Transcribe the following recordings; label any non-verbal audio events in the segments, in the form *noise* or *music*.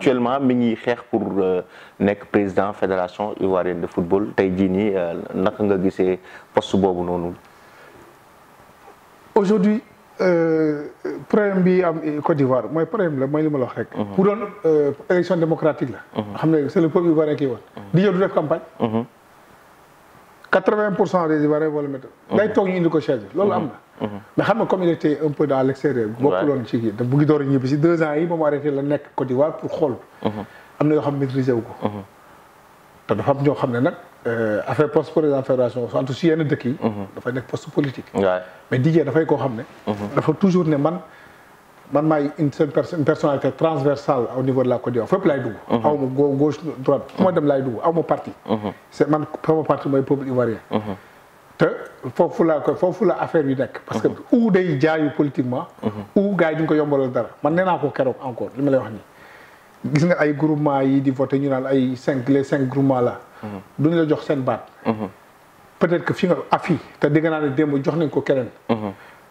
actuellement mi ngi pour le euh, président fédération ivoirienne de football tey jii nii euh, naka nga gissé poste bobu nonou aujourd'hui euh, problème bi am Côte d'Ivoire moy problème la moy lima rek. Mhm. élection démocratique la. Mhm. c'est le peuple ivoirien kii Il mhm. di yow du def campagne. 80 pour cent des Ivoiriens vont le mettre. toog ñu indi ko chaise bi loolu am na. Mhm. Mhm. mais xam nga comme un peu dans l' extérieur. waaw ci kii te a nekk Côte d'Ivoire pour xool. Mhm. am na yoo xam maîtriser wu ko. te dafa am xam ne nag euh, affaire poste politique. mais Didier dafay koo xam ne. dafa toujours ne man. man maay une personnalité transversale au niveau de la Côte d'Ivoire fépp laay dugg. Mhm. aw gauche droite fu dem lay dugg aw parti. Mhm. c'est man sama parti mooy peuple ivoirien. Mhm. te fofu la ko foofu la affaire yu nekk. parce que ou day jaayu politiquement. ou gars yi ko yombalal dara man nee ko keroog encore li lay wax ni gis nga ay groupement yi di voter ñu naan ay 5 les 5 groupements là. duñ la jox sen baat. peut être que fi nga afi ah, te di nga ne dem jox nañ ko keneen.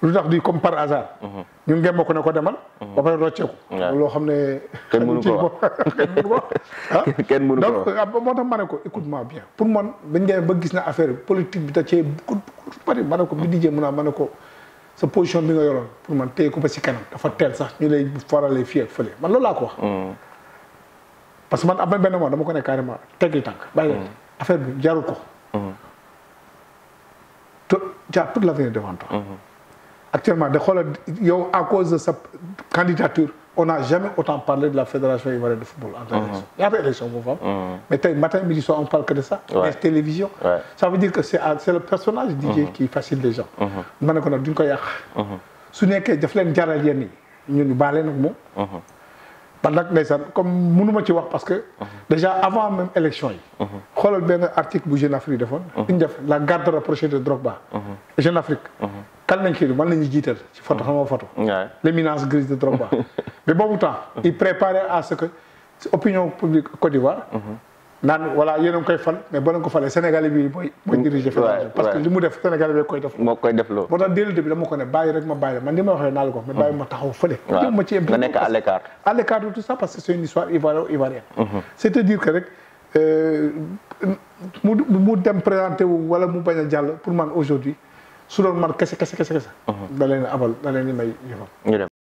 lu tax di comme par hasard. Mhm. ñu ngi ko ne ko demal. Mhm. ba pare rocceeku. loo xam ne. kenn mënu ko wax *laughs* kenn mënu ko wax *laughs* ah. donc ah, moo tax ma ko écoute moi bien pour man dañ demee ba gis na affaire bi da cee ku bëri ma ne ko bi di jéem a ma ko sa position bi nga yoroon pour man teye ko ba si kenn dafa teel sax ñu lay faralee fii ak fële man loolu laa ko wax. Mhm. parce que man am na benn mois dama ko ne carrément teggi tànk bàyyi affaire bi jarul ko. to tu as toute l'avenir devant actuellement de à cause de sa candidature on n'a jamais autant parlé de la fédération ivoirienne de football. en tant mm-hmm. Il y' a des élections moo fa mm-hmm. mais tey matin midi soir on parle que de ça. les télévisions. ça veut dire que c'est le personnage. DJ mm-hmm. qui fascine les gens. ma ne ko nag duñ ko yàq. su nekkee daf leen jaral yenn yi ñun baale que moom. man nag ndeysaan comme mënuma ci wax parce que. déjà avant même élection y xoolal un article bu Jeune Afrique la garde rapprochée de Drogba. Jeune Afrique kan lañ xiir man la ñuy jiital ci photo xam nga photo l'éminence grise de Drogba *laughs* mais boobu temps il préparait à ce que opinion publique Côte d'Ivoire mhm. naan voilà yéen a koy fal mais ba leen ko falee Sénégalais bi mooy mooy diriger fédération parce que li mu def Sénégalais bi koy def moo koy def lo moo tax dès bi dama ko ne bàyyi rek ma bàyyi la man li ma waxee naa la ko mais bàyyi ma taxaw fële jëm ma ci impliqué nga nekk à l'écart à l'écart tout ça parce que c'est une histoire ivoirien ivoirienne mhm. c'est-à-dire que rek euh, mu mu dem présenter wu wala mu bañ a jàll pour man aujourd'hui su doon man kese kese kese kese. Uh-huh. da leen abal da leen di may yëfam.